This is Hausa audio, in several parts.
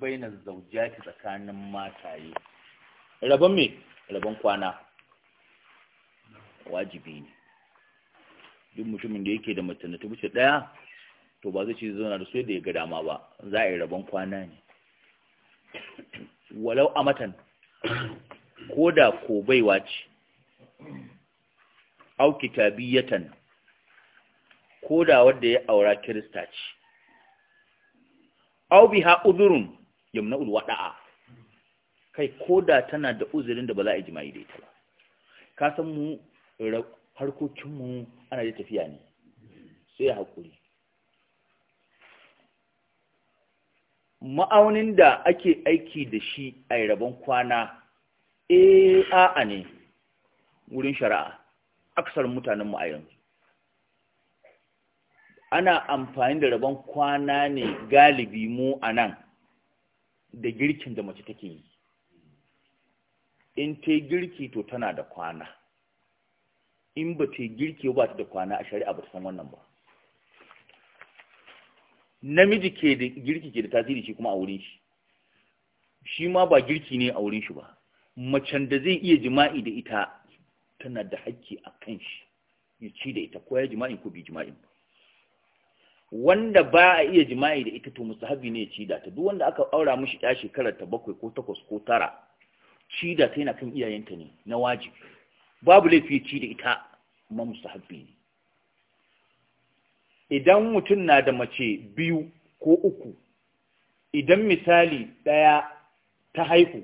baina zaujati tsakanin mataye rabon me rabon kwana wajibi ne duk mutumin da yake da mutane na buce daya to ba zai ci zauna da su da ya ga dama ba za a yi rabon kwana ne walau a matan ko da ko baiwa ce au kitabiyatan ko da wanda ya aura kirista ce au biha udurun yamna'ul wada'a kai koda tana da uzurin da ba za a jima'i da ita ba ka san mu harkokin mu ana da tafiya ne sai hakuri ma'aunin da ake aiki da shi a rabon kwana eh a'a ne wurin shari'a aksar mutanen mu a yanzu ana amfani da rabon kwana ne galibi mu a nan da girkin da mace take yi in ta girki to tana da kwana in ba ta girki ba ta da kwana a shari'a ba ta san wannan ba namiji ke da girki ke da tasiri shi kuma a wurin shi shi ma ba girki ne a wurin shi ba macen da zai iya jima'i da ita tana da hakki a kan shi ya ci da ita ko ya jima'in ko bi jima'in ba wanda ba a iya jima'i da ita to musahabi ne ya cida ta duk wanda aka aura mishi ya shekarar ta bakwai ko takwas ko tara cida ta yana kan iyayenta ne na wajibi babu laifi ci da ita ma musahabi ne idan mutum na da mace biyu ko uku idan misali ɗaya ta haihu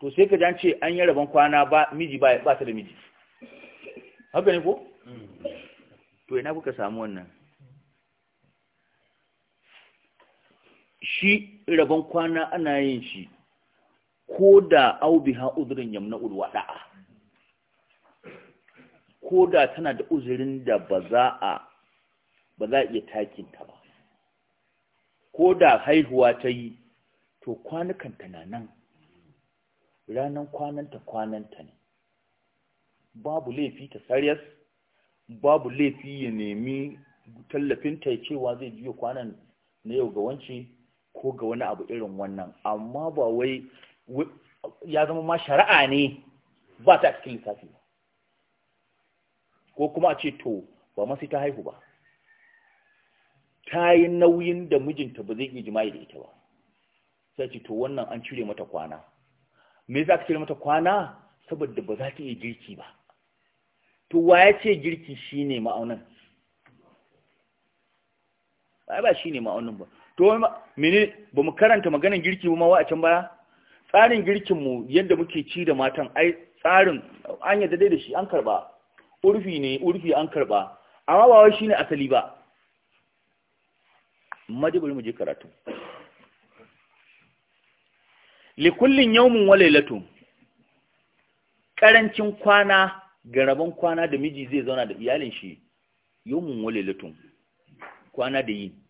to sai ka ce an yi rabon kwana ba miji ba ta da miji haka ne ko? Mm. to ina kuka samu wannan shi rabon kwana ana yin shi ko da aubi ha uzurin yamna ulwada'a ko da tana da uzurin da ba za a ba za a iya takinta ba ko da haihuwa ta yi to kwanukan na nan ranan kwananta kwananta ne babu laifi ta saryas, babu laifi ya nemi tallafinta ya cewa zai biyo kwanan na yau ga wance ko ga wani abu irin wannan amma ba wai ya zama ma shari'a ne ba ta cikin lissafi ko kuma a ce to ba Masu ta haihu ba ta yi nauyin da mijinta ba zai iya jima'i da ita ba sai ce to wannan an cire mata kwana me za ka cire mata kwana saboda ba za ta iya girki ba to wa ya ce girki shi ne ma'aunin ba shi ne ma'aunin ba to mene ba mu karanta maganin girki ba ma wa a can baya tsarin girkin mu yadda muke ci da matan ai tsarin an yadda dai da shi an karba urfi ne urfi an karba amma ba wai shine asali ba maji bari mu je karatu li kullin yawmin wa laylatun karancin kwana ga rabon kwana da miji zai zauna da iyalin shi yawmin wa laylatun kwana da yini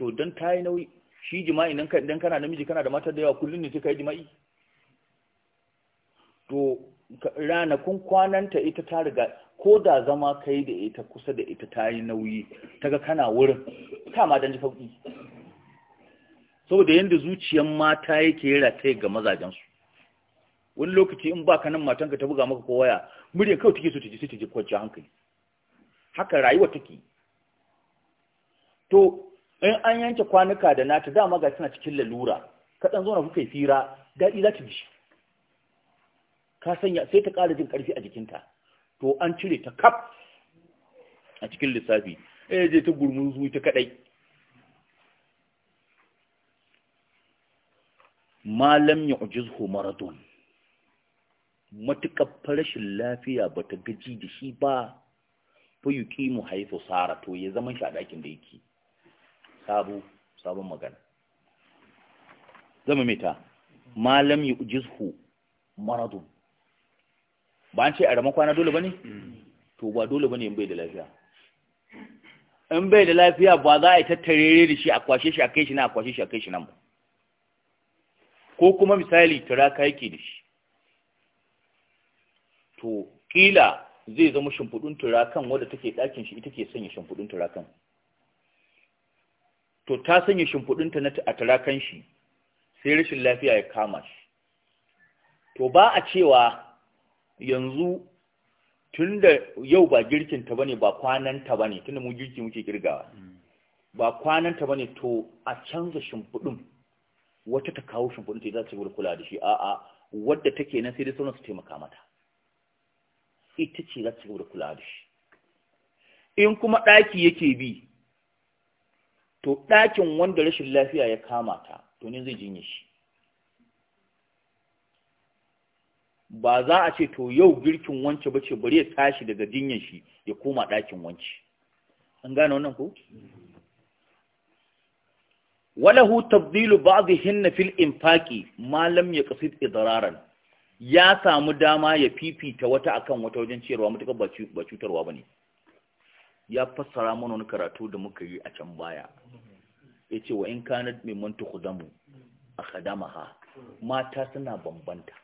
to don ta yi nauyi shi jima'i idan kana namiji kana da matar da yawa kullum ne sai yi jima'i to ranakun kwananta ita ta riga ko da zama kai da ita kusa da ita ta yi nauyi ta ga kana wurin kama don ji sauƙi saboda yadda zuciyar mata yake rataye ga mazajensu wani lokaci in ba ka nan matanka ta buga maka kowaya murya kawai take so ta ji sai ta ji kwanci hankali haka rayuwa take to in an yanke kwanuka da nata dama ga suna cikin lalura kaɗan zo na kuka yi fira daɗi za ta bishi ka sanya sai ta ƙara jin ƙarfi a jikinta to an cire ta kaf a cikin lissafi eh je ta gurmun zuwa ta kaɗai malam ya ujizhu marathon matuƙar farashin lafiya ba ta gaji da shi ba fa mu haifu sara to ya zama shi a dakin da yake sabu sabon magana zama mita malam yi jizhu maradun ba an ce a rama kwana dole ba ne? to ba dole ba ne in bai da lafiya in bai da lafiya ba za a yi tattarere da shi a kwashe shi a kai shi na a kwashe shi a kai shi nan ba ko kuma misali turaka yake da shi to kila zai zama shimfudun turakan wadda take ɗakin shi ita ke sanya shimfudun turakan to ta sanya shimfiɗinta na a tarakan shi sai rashin lafiya ya kama shi to ba a cewa yanzu tun da yau ba girkinta ba ne ba kwananta ba ne tun da mu girki muke girgawa ba kwananta ba ne to a canza shimfiɗin wata ta kawo shimfiɗin ta za ta yi kula da shi a'a wadda take nan sai dai sauran su taimaka mata ita ce za ta yi kula da shi in kuma ɗaki yake bi to ɗakin wanda rashin lafiya ya kama ta to ne zai jinye shi ba za a ce to yau girkin wance ba ce bari ya tashi daga jinyar shi ya koma ɗakin wance an gane wannan ko walahu tabdilu hinna fil infaqi ma lam yaqsid idraran ya samu dama ya fifita wata akan wata wajen ciyarwa mutaka ba cutarwa bane ya fassara mana wani karatu da muka yi a can baya ya ce wa in mai manta kudamu a ha. mata suna bambanta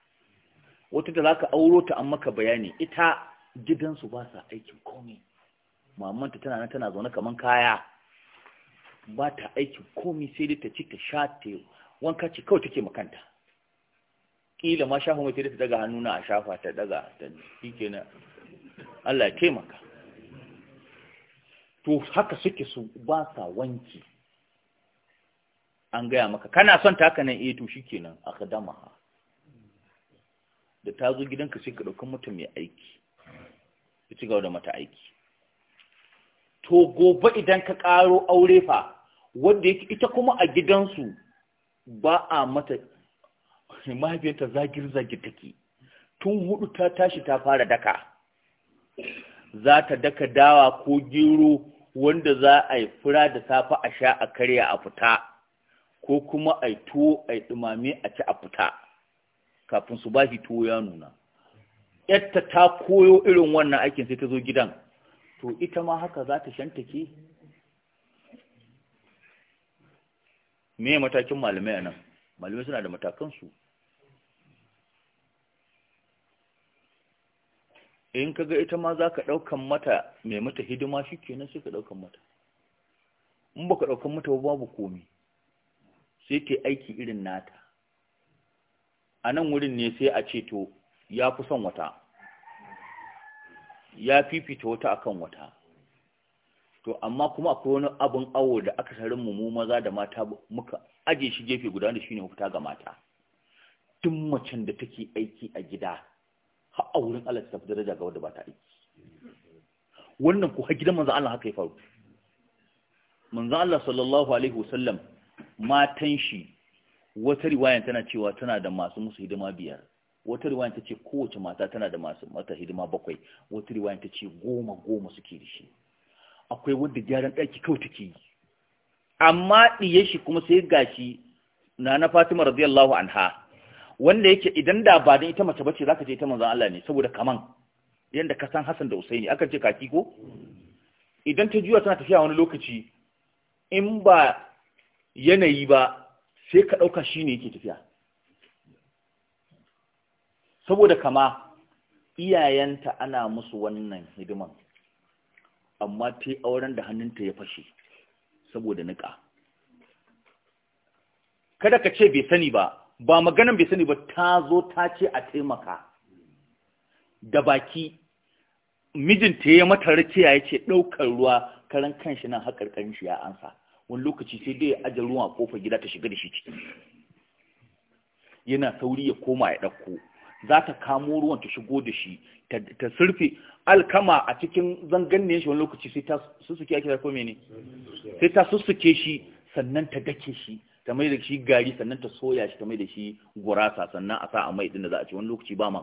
wata da za ka auro ta an maka bayani ita gidansu ba sa aikin komi mamanta tana nan tana zaune kamar kaya ba ta aikin komi sai dai ta ci ta sha ta wanka ce kawai take makanta Ƙila ma shafa mai ta daga hannuna a shafa ta daga ta Allah ya taimaka to haka suke su ba sa wanki an gaya maka kana son ta haka nan eh to shikenan kadama da ta zo gidanka sai ka dauka mata mai aiki ka ci gaba da mata aiki to gobe idan ka ƙaro aure fa wanda yake ita kuma a gidansu ba a mata mahaifiyarta zagir zagir take tun hudu ta tashi ta fara daka za ta daka dawa ko gero wanda za a yi fura da safe a sha a karya a fita ko kuma a yi tuwo a yi ɗumame a ci a fita kafin su ba shi tuwo ya nuna yadda ta koyo irin wannan aikin sai ta zo gidan to ita ma haka za ta ke? me matakin malamai a nan malamai suna da matakansu in ka ga ita ma za ka ɗaukan mata mai mata hidima shi nan sai ka ɗaukan mata in ba ka ɗaukan mata ba babu komi sai ta aiki irin nata a nan wurin ne sai a ce to ya fi son wata ya fifita wata akan wata to amma kuma akwai wani abin awo da aka sarin mu maza da mata muka aje shi gefe guda da ne mafita ga mata tun macen da take aiki a gida har a wurin Allah ta tafi daraja ga wanda ba ta aiki wannan ku har gidan manzo Allah haka ya faru manzo Allah sallallahu alaihi wasallam matan shi wata riwaya tana cewa tana da masu musu hidima biyar wata riwaya ta kowace mata tana da masu mata hidima bakwai wata riwaya tace goma goma suke da shi akwai wanda gyaran ɗaki kawai take yi amma ɗiye shi kuma sai gashi na na fatima radiyallahu anha wanda yake idan da ba dan ita mace bace zaka je ta manzon Allah ne saboda kaman yanda ka san Hassan da Usaini aka ce kaki ko idan ta juya tana tafiya wani lokaci in ba yanayi ba sai ka dauka shine yake tafiya saboda kama iyayenta ana musu wannan hidiman amma ta auren da hannunta ya fashe saboda niƙa kada ka ce bai sani ba ba maganan bai sani ba ta zo ta ce a taimaka da baki mijinta ya mata rakiya ya ce ɗaukar ruwa karan kanshi nan haƙar shi ya ansa wani lokaci sai dai ya ruwan a kofar gida ta shiga da shi ciki yana sauri ya koma ya ɗauko za ta kamo ruwan ta shigo da shi ta surfe alkama a cikin ne shi wani lokaci sai ta susuke shi sannan ta dake shi ta mai da shi gari sannan ta soya shi ta mai da shi gurasa sannan a sa a mai din da za a ci wani lokaci ba ma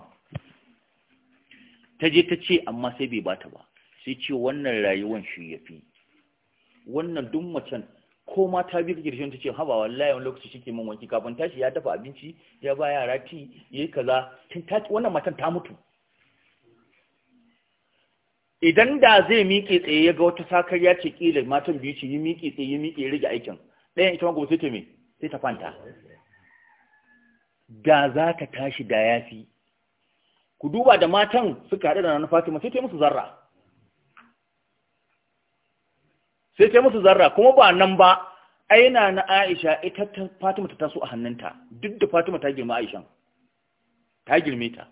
ta je ta ce amma sai bai bata ba sai ce wannan rayuwan shi ya fi wannan duk macen ko ma ta bi girgin ta ce haba wallahi wani lokaci shike min wanki kafin tashi ya dafa abinci ya ba yara ti yayi kaza wannan matan ta mutu idan da zai miƙe tsaye ya ga wata sakar ya ce kila matan biyu ce yi miƙe tsaye yi miƙe rage aikin ɗayan ita ma gobe sai ta me sai ta kwanta da za ta tashi da yafi ku duba da matan suka haɗu da na Fatima sai ta musu zarra sai ta musu zarra kuma ba nan ba aina na Aisha ita ta Fatima ta taso a hannunta duk da Fatima ta girma Aisha ta girme ta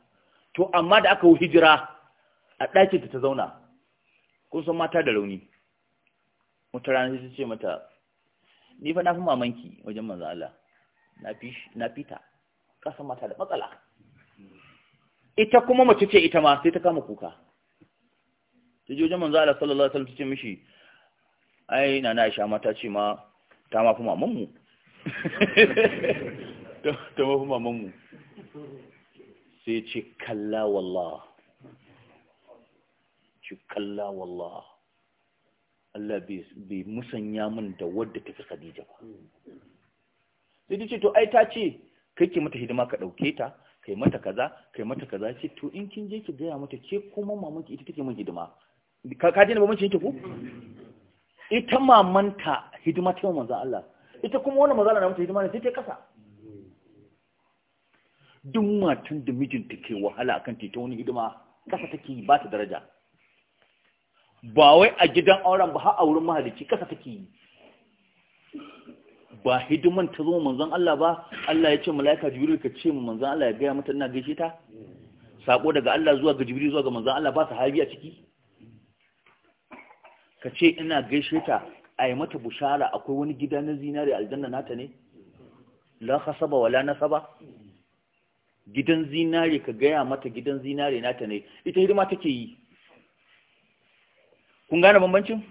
to amma da aka yi hijira a ɗakin ta ta zauna kun san mata da rauni mutarar ce mata ni fa na fi mamanki wajen manzo Allah na fita kasan mata da matsala ita kuma mace ce ita ma sai ta kama kuka ta ji wajen manzo Allah sallallahu alaihi wasallam ta ce mishi ai na na sha mata ce ma ta ma fi maman mu. ta ma fi maman mu sai ce kalla wallah ci kalla wallah Allah bai musanya min da wadda ta fi Khadija ba hmm. sai ta ce to ai ta ce kai ke mata hidima ka ɗauke ta kai mata kaza kai mata kaza ce to in kin je ki gaya mata ke kuma mamanki ita take min hidima ka ka ji na mamanki yake ku hmm. ita mamanta hidima ta manzo Allah ita kuma wannan manzo Allah na mata hidima ne sai ta kasa hmm. duk matan da mijinta ke wahala akan ta wani hidima kasa take ba ta daraja ba wai a gidan auren ba har a wurin mahalicci kasa take yi ba hidiman ta zo manzon Allah ba Allah ya ce malaika jibril ka ce manzon Allah ya gaya mata ina gaishe ta sako daga Allah zuwa ga jibril zuwa ga manzon Allah ba sahabi a ciki ka ce ina gaishe ta a yi mata bushara akwai wani gida na zinare aljanna nata ne la khasaba wala nasaba gidan zinare ka gaya mata gidan zinare nata ne ita hidima take yi kun gane bambancin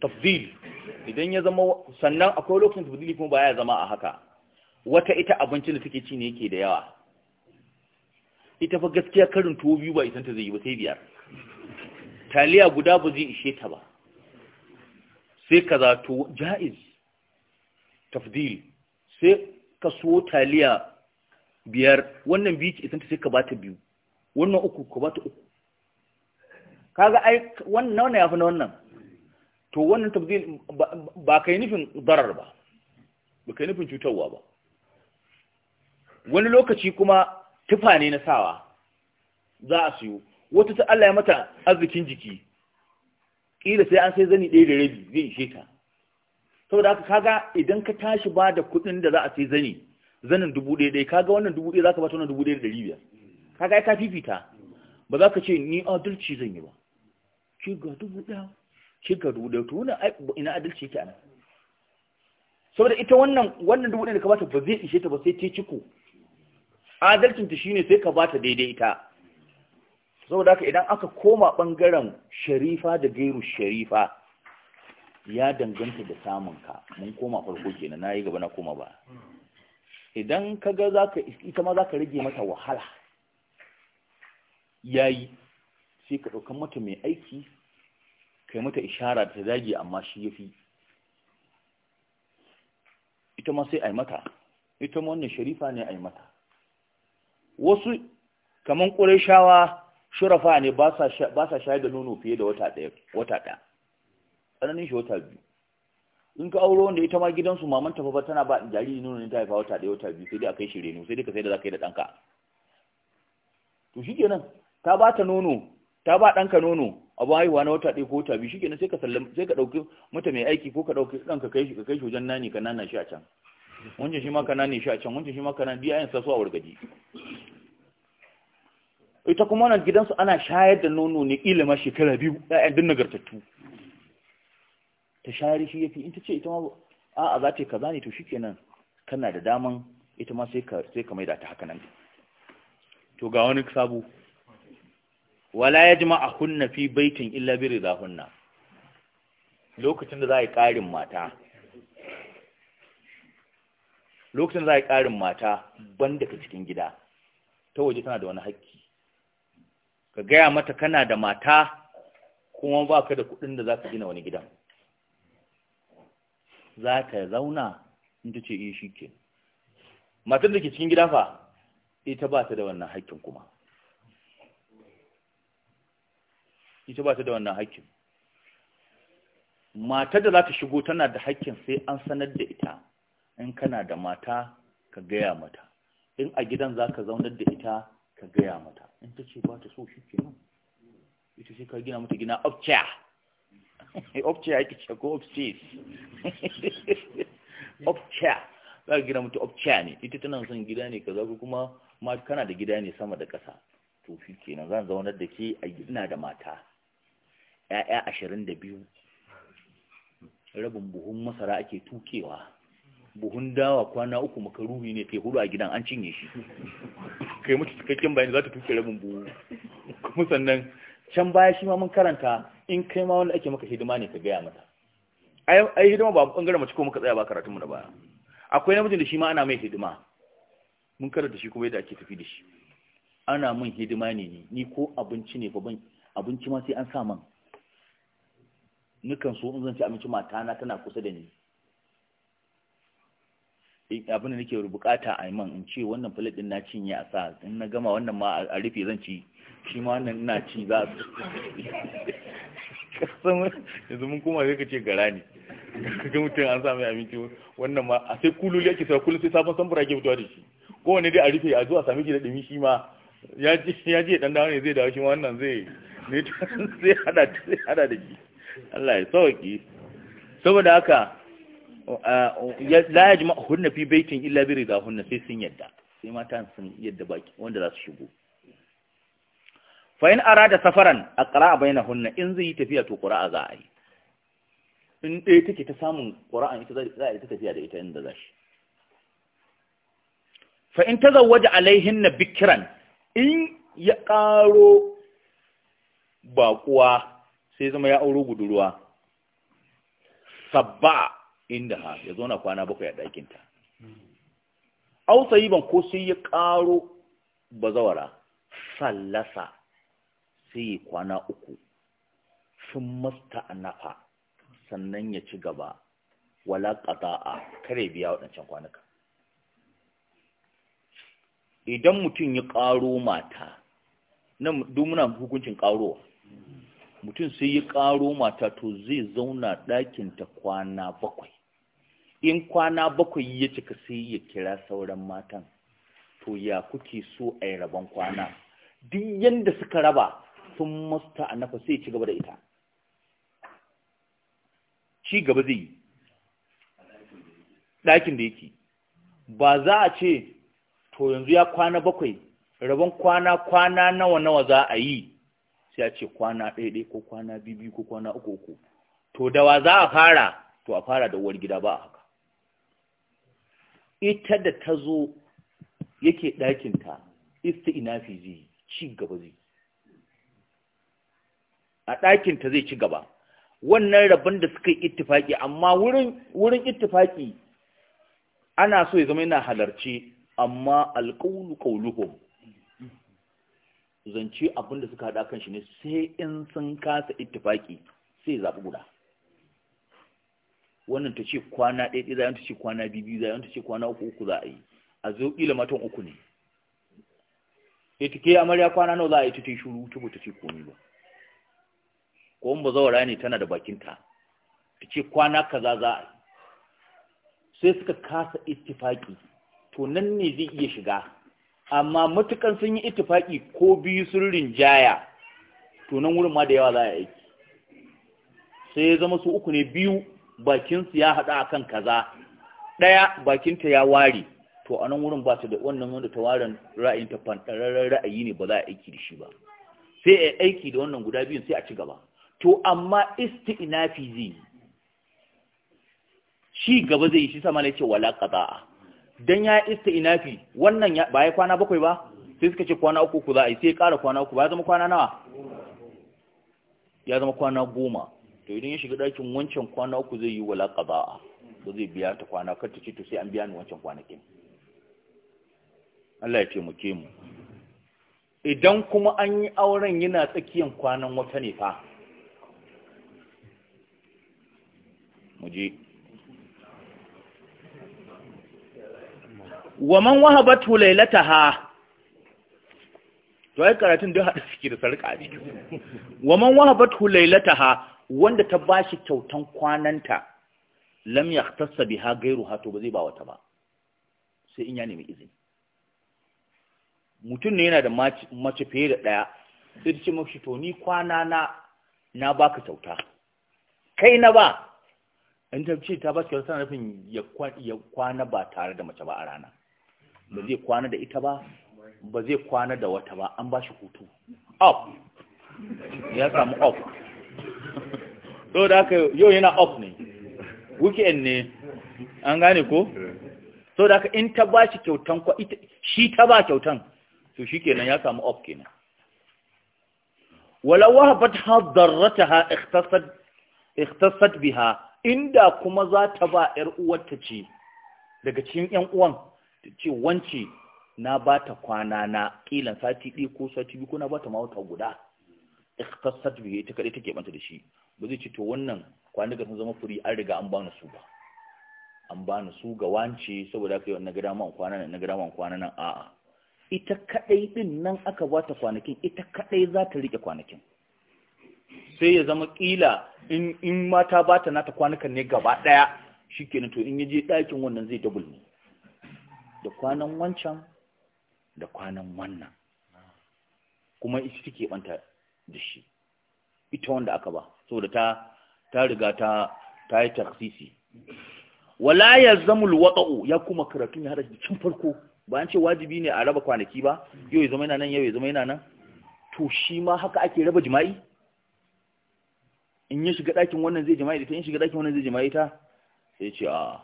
tafdil idan ya zama sannan akwai lokacin tafdili kuma baya zama a haka wata ita abincin da take ci ne yake da yawa ita fa gaskiya karin tuwo biyu ba isan ta zai yi ba sai biyar taliya guda ba zai ishe ta ba sai kaza to jaiz tafdil sai ka so taliya biyar wannan biyu isan ta sai ka bata biyu wannan uku ka bata uku kaga ai wannan wannan yafi na wannan to wannan tabdil ba kai nufin darar ba ba kai nufin cutarwa ba wani lokaci kuma tufa ne na sawa za a siyo wata ta Allah ya mata arzikin jiki kila sai an sai zani ɗaya da rabi zai ishe ta saboda haka kaga idan ka tashi ba da kuɗin da za a sai zani zanin dubu ɗaya ɗaya kaga wannan dubu ɗaya za ka bata wannan dubu ɗaya da ɗari biyar kaga ai ka fifita ba za ka ce ni adalci zan yi ba shi ga dubu ɗaya shi ga dubu ɗaya to ina adalci yake anan saboda ita wannan wannan dubu ɗaya da ka bata ba zai ishe ta ba sai ta ciko adalcin ta shine sai ka bata daidai ita saboda haka idan aka koma bangaren sharifa da gairu sharifa ya danganta da samun ka mun koma farko kenan nayi gaba na koma ba idan kaga zaka ita ma zaka rage mata wahala yayi sai ka ɗaukan mata mai aiki kai mata ishara ta zage amma shi ya fi ita ma sai a mata ita ma wannan sharifa ne a mata wasu kaman shawa shurafa ne ba sa shayar da nono fiye da wata ɗaya tsananin shi wata biyu in ka auro wanda ita ma gidansu maman tafa ba tana ba jariri nono ne ta haifa wata ɗaya wata biyu sai dai a kai shi reno sai dai ka sai da za ka yi da ɗanka to shi kenan ta ba ta nono ta ba ɗanka nono abu haihuwa na wata ɗaya ko wata biyu na sai ka sallam sai ka ɗauki mata mai aiki ko ka ɗauki ɗanka kai shi ka kai shi wajen nani ka nana shi a can wancan shi ma ka nane shi a can wancan shi ma ka nane biya yin sasuwa wargaji ita kuma wannan gidansu ana shayar da nono ne ilima shekara biyu ƴaƴan din nagartattu ta shayar shi fi in ta ce ita ma a'a za ta yi kaza ne to shikenan kana da daman ita ma sai ka sai ka maida ta haka nan to ga wani sabo wala ya jima hunna fi baitin illa bi hunna lokacin da za a yi ƙarin mata lokacin da za a yi ƙarin mata ban daga cikin gida ta waje tana da wani haƙƙi ka gaya mata kana da mata kuma ba ka da kuɗin da za ka gina wani gidan za ta zauna in ta ce iya eh, shi ke Matan da ke cikin gida fa ita ba ta da wannan haƙƙin kuma ita ba ta da wannan haƙƙin Mata da za ta shigo tana da haƙƙin sai an sanar da ita in kana da mata ka gaya mata in a gidan za ka zaunar da ita ka gaya mata in ta ce ba ta so shi ke nan ita sai ka gina mata gina opcia opcia ake ce ko opcis opcia za ka gina mata opcia ne ita tana son gida ne kaza ko kuma ma kana da gida ne sama da ƙasa to shi kenan zan zaunar da ke a gina da mata 'ya'ya ashirin da biyu rabin buhun masara ake tukewa buhun dawa kwana uku makaruhi ne kai hudu a gidan an cinye shi kai mutu cikakken bayan za ta tuke rabin buhu kuma sannan can baya shi ma mun karanta in kai ma wanda ake maka hidima ne ka gaya mata ai hidima ba bangaren mace ko muka tsaya ba karatun mu na baya akwai namijin da shi ma ana mai hidima mun karanta shi kuma yadda ake tafi da shi ana mun hidima ne ni ko abinci ne babban abinci ma sai an sa man nukan so in zan ci mata matana tana kusa da ni eh, abin da nake bukata a man in ce wannan plate din na cinye a sa in na gama wannan ma a rufe zan ci shi ma wannan ina ci za su kasan yanzu mun koma sai ka ce gara ne kaga mutum an sami abinci wannan ma a sai kululi yake sai kullum sai sabon samfura ke fitowa da shi kowane dai a rufe a zuwa sami ki da dumi shi ma ya je ya ji dan dawo ne zai dawo shi ma wannan zai ne sai hada sai hada da shi Allah ya sauki saboda haka la yajma hunna fi baitin illa bi hunna sai sun yadda sai mata sun yadda baki wanda za su shigo fa in arada safaran aqra hunna in zai tafiya to qura'a za a yi in ɗaya take ta samun qura'an ita za a yi ta tafiya da ita inda za shi fa in tazawwaja alaihinna bikran in ya ƙaro baƙuwa sai zama ya auro budurwa sabba inda ha ya zauna kwana bakwai a ɗakinta au ban ko sai ya ƙaro bazawara sallasa sai ya kwana uku sun masta nafa sannan ya ci gaba wala a kare biya waɗancan kwanuka idan mutum ya ƙaro mata nan muna hukuncin ƙarowa mutum sai ya ƙaro mata to zai zauna ɗakinta kwana bakwai in kwana bakwai ya cika sai ya kira sauran matan to ya kuke so a yi rabon kwana duk yadda suka raba sun masta a nafa sai ci gaba da ita ci gaba zai yi ɗakin da yake ba za a ce to yanzu ya kwana bakwai rabon kwana kwana nawa nawa za a yi sai a ce kwana ɗaya ɗaya ko kwana biyu ko kwana uku uku to da wa za a fara to a fara da uwar gida ba a haka ita da ta zo yake ɗakinta fi zai ci gaba zai a ɗakinta zai ci gaba wannan rabin da suka yi ittifaki amma wurin wurin ittifaki ana so ya zama yana halarci amma alƙawlu qawluhum zance abin da suka haɗa kan shi ne sai in sun kasa ittifaki sai zaɓi guda wannan ta ce kwana ɗaya ɗaya zayen ta ce kwana biyu zayen ta ce kwana uku uku za a yi a zo ƙila matan uku ne ita eh, ke amarya kwana nawa za a yi ta ce shuru ta ba ta ce komi ba ko in ba zawara ne tana da bakinta ta ce kwana kaza za a yi sai suka kasa ittifaki to nan ne zai iya shiga amma matukan sun yi itifaki ko biyu sun rinjaya to nan wurin ma da yawa za a aiki sai ya zama su uku ne biyu bakinsu ya haɗu akan kaza ɗaya bakinta ya ware to a nan wurin ba ta da wannan wanda ta ware ra'ayin ta fantararren ra'ayi ne ba za a aiki da shi ba sai a aiki da wannan guda biyun sai a ci gaba to amma isti'nafi zai yi shi gaba zai yi shi sama ne ce wala qada'a dan ya inafi wannan ba ya kwana bakwai ba sai suka ce kwana uku ku za a yi sai ƙara kwana uku ba ya zama kwana nawa ya zama kwana goma to idan ya shiga ɗakin wancan kwana uku zai yi wala ƙaba'a ba zai biya ta kwana kar ta ce to sai an biya ni wancan kwanakin Allah ya taimake mu idan kuma an yi auren yana tsakiyan kwanan wata ne fa mu je wa man wahabatu lailataha to ai karatun da hada suke da sarka ne wa man wahabatu lailataha wanda ta bashi kyautan kwananta lam yahtassa biha gairuha to ba zai ba wata ba sai in ya nemi izini mutum ne yana da mace fiye da daya sai ta ce mashi to ni kwana na na baka kyauta kai na ba in ta ce ta ba kyauta kyauta nufin ya kwana ba tare da mace ba a rana ba zai kwana da ita ba ba zai kwana da wata ba an ba shi hutu up ya samu up so da aka yau yana up ne weekend ne an gane ko so da aka in ta ba shi kyautan kwa ita, shi ta ba kyautan to shi kenan ya samu off kenan wala wahabat hadarrataha ha ikhtasat biha inda kuma za ta ba ƴar uwarta ce daga cikin ƴan uwan ce wance na ba ta kwana na ƙilan sati ɗi ko sati biyu ko na ba ta mawata guda ikhtasat bihi ta kaɗai take banta da shi ba zai ce to wannan kwanuka sun zama furi an riga an bani su ba an bani su ga wance saboda kai wannan gada man kwana nan na gada man kwana nan a'a ita kaɗai din nan aka ba ta kwanakin ita kaɗai za ta rike kwanakin sai ya zama ƙila in in mata ba ta na ta kwanukan ne gaba ɗaya shikenan to in ya je ɗakin wannan zai double ne da kwanan wancan da kwanan wannan kuma ita take banta da shi ita wanda aka ba saboda ta ta riga ta ta yi taksisi wala yazamul waqa'u ya kuma karatu ne har cin farko ba an ce wajibi ne a raba kwanaki ba yau ya zama yana nan yau ya zama yana nan to shi ma haka ake raba jima'i in ya shiga ɗakin wannan zai jima'i da ta in shiga ɗakin wannan zai jima'i ta sai ce a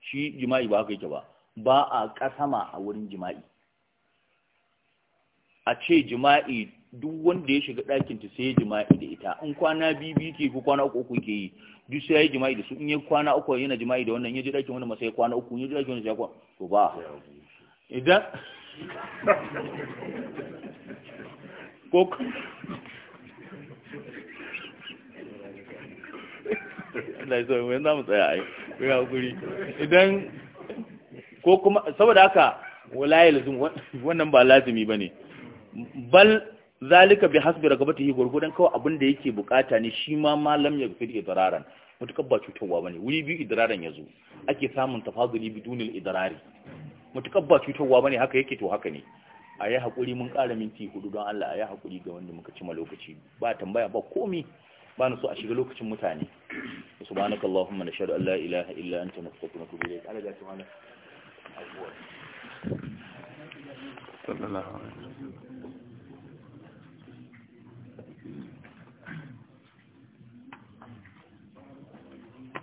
shi jima'i ba haka yake ba ba a kasama a wurin jima'i a ce jima'i duk wanda ya shiga ɗakinta sai ya jima'i da ita in kwana biyu ke ko kwana uku uku ke yi duk sai ya yi jima'i da su in kwana uku yana jima'i da wannan ya ji ɗakin wani masa ya kwana uku ya ji ɗakin wani sai kwana to ba idan ko Allah ya mu tsaya ai idan ko kuma saboda haka wala yalzum wannan ba lazimi bane bal zalika bi hasbi ragabatihi gurgudan kawai abin da yake bukata ne shi ma malam ya fi idraran mutukar ba cutarwa bane wuri biyu idraran yazo ake samun tafaduli bidunil idrari mutukar ba cutarwa bane haka yake to haka ne a yi hakuri mun ƙara minti hudu don Allah a yi hakuri ga wanda muka cima lokaci ba tambaya ba komi ba na so a shiga lokacin mutane subhanakallahumma nashhadu an la ilaha illa anta nastaghfiruka wa natubu ilayk صلى الله عليه وسلم